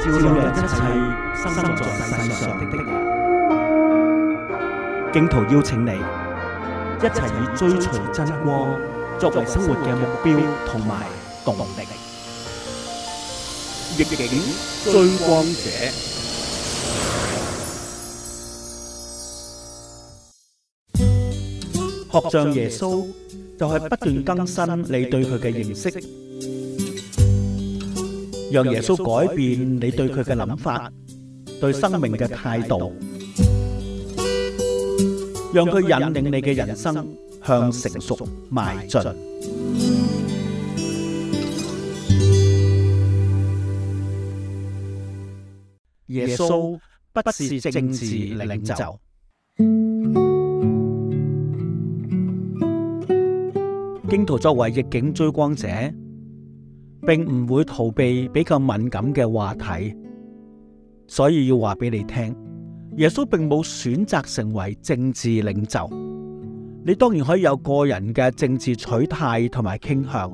照亮一切生在世上的人，荊徒邀請你一齊以追隨真光作為生活嘅目標同埋動力。逆境追光者，學像耶穌就係不斷更新你對佢嘅認識。讓耶穌改變你對佢嘅諗法，對生命嘅態度，讓佢引領你嘅人生向成熟邁進。耶穌不是政治領袖，基督徒作為逆境追光者，並唔會逃避比較敏感嘅話題，所以要話俾你聽，耶穌並冇選擇成為政治領袖。你當然可以有個人嘅政治取態同埋傾向，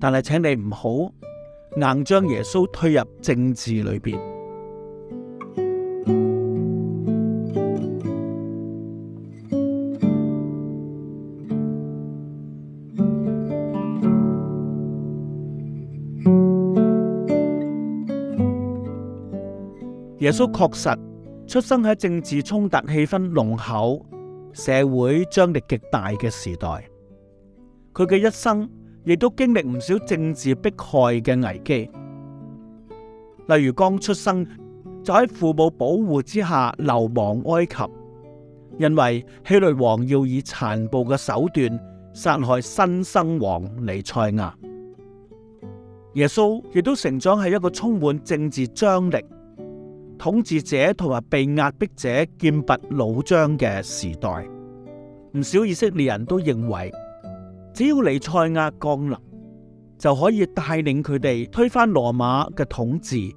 但係請你唔好硬將耶穌推入政治裏面。耶穌確實出生喺政治衝突氣氛濃厚、社會張力極大嘅時代，佢嘅一生亦都經歷唔少政治迫害嘅危機，例如剛出生就喺父母保護之下流亡埃及，因為希律王要以殘暴嘅手段殺害新生王尼賽亞。耶穌亦都成長喺一個充滿政治張力，統治者同埋被壓迫者劍拔弩張嘅時代，唔少以色列人都認為，只要彌賽亞降臨，就可以帶領佢哋推翻羅馬嘅統治，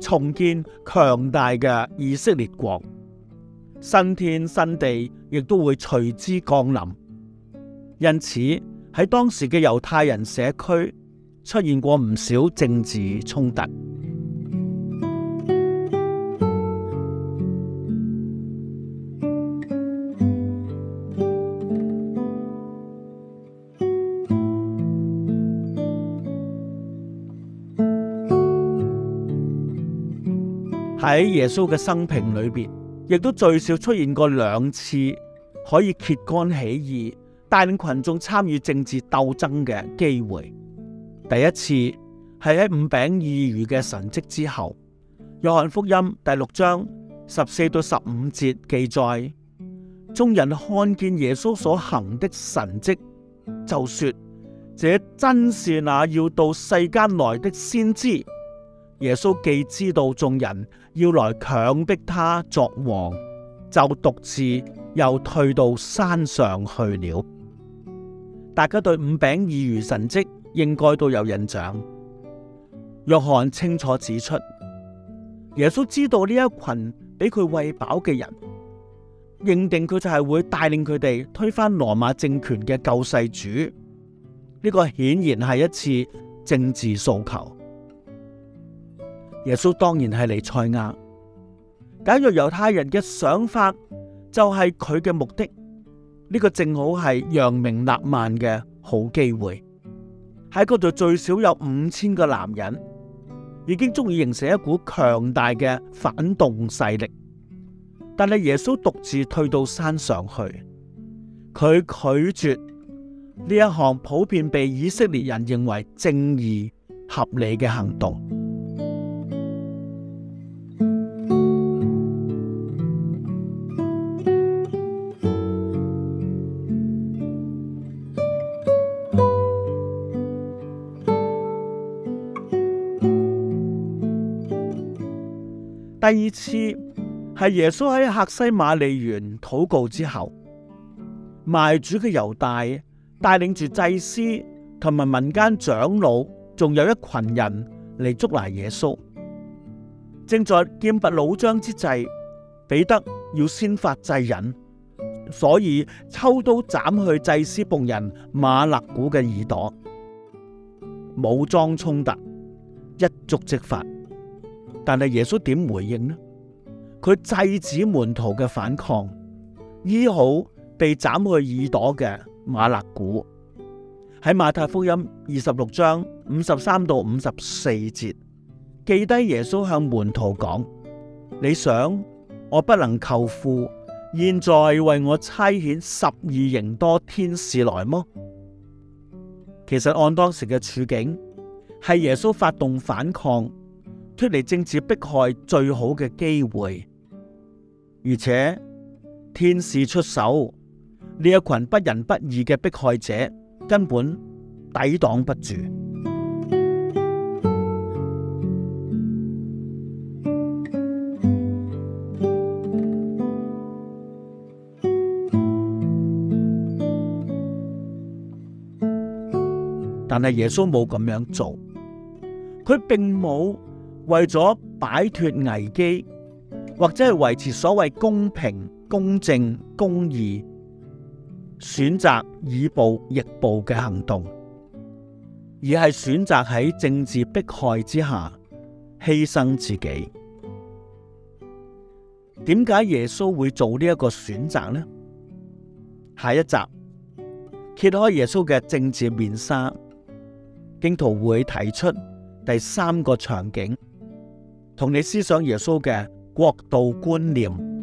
重建強大嘅以色列國，新天新地亦都會隨之降臨。因此喺當時嘅猶太人社區出現過唔少政治衝突。喺耶穌嘅生平裏邊，亦都最少出現過兩次可以揭竿起義、帶領群眾參與政治鬥爭嘅機會。第一次係喺五餅二魚嘅神蹟之後，約翰福音第六章十四到十五節記載，眾人看見耶穌所行的神蹟，就說：這真是那要到世間來的先知。耶穌既知道眾人要來強迫他作王，就獨自又退到山上去了。大家對五餅二魚神蹟應該都有印象。約翰清楚指出，耶穌知道呢一群俾佢餵飽嘅人，認定佢就係會帶領佢哋推翻羅馬政權嘅救世主。呢個顯然係一次政治訴求。耶穌當然係彌賽亞。假若猶太人嘅想法就係佢嘅目的，呢個正好係揚名立萬嘅好機會。喺嗰度最少有五千個男人，已經足以形成一股強大嘅反動勢力。但係耶穌獨自退到山上去，佢拒絕呢一項普遍被以色列人認為正義合理嘅行動。第二次係耶穌喺客西馬利園禱告之後，賣主嘅猶大帶領住祭司同埋民間長老，仲有一群人嚟捉拿耶穌。正在劍拔弩張之際，彼得要先發制人，所以抽刀斬去祭司僕人馬勒古嘅耳朵。武裝衝突一觸即發。但係耶穌點回應呢？佢制止門徒嘅反抗，醫好被斬去耳朵嘅馬勒古，喺馬太福音二十六章五十三到五十四節，記低耶穌向門徒講：你想我不能求父，現在為我差遣十二營多天使來嗎？其實按當時嘅處境，係耶穌發動反抗，脫離政治迫害最好嘅機會，而且天使出手，呢一群不仁不義嘅迫害者根本抵擋不住。但係耶穌冇咁樣做，佢並冇。為咗擺脫危機，或者係維持所謂公平、公正、公義，選擇以暴易暴嘅行動，而係選擇喺政治迫害之下犧牲自己。點解耶穌會做呢一個選擇呢？下一集揭開耶穌嘅政治面紗，荊徒會提出第三個場景。同你思想耶穌嘅國度觀念。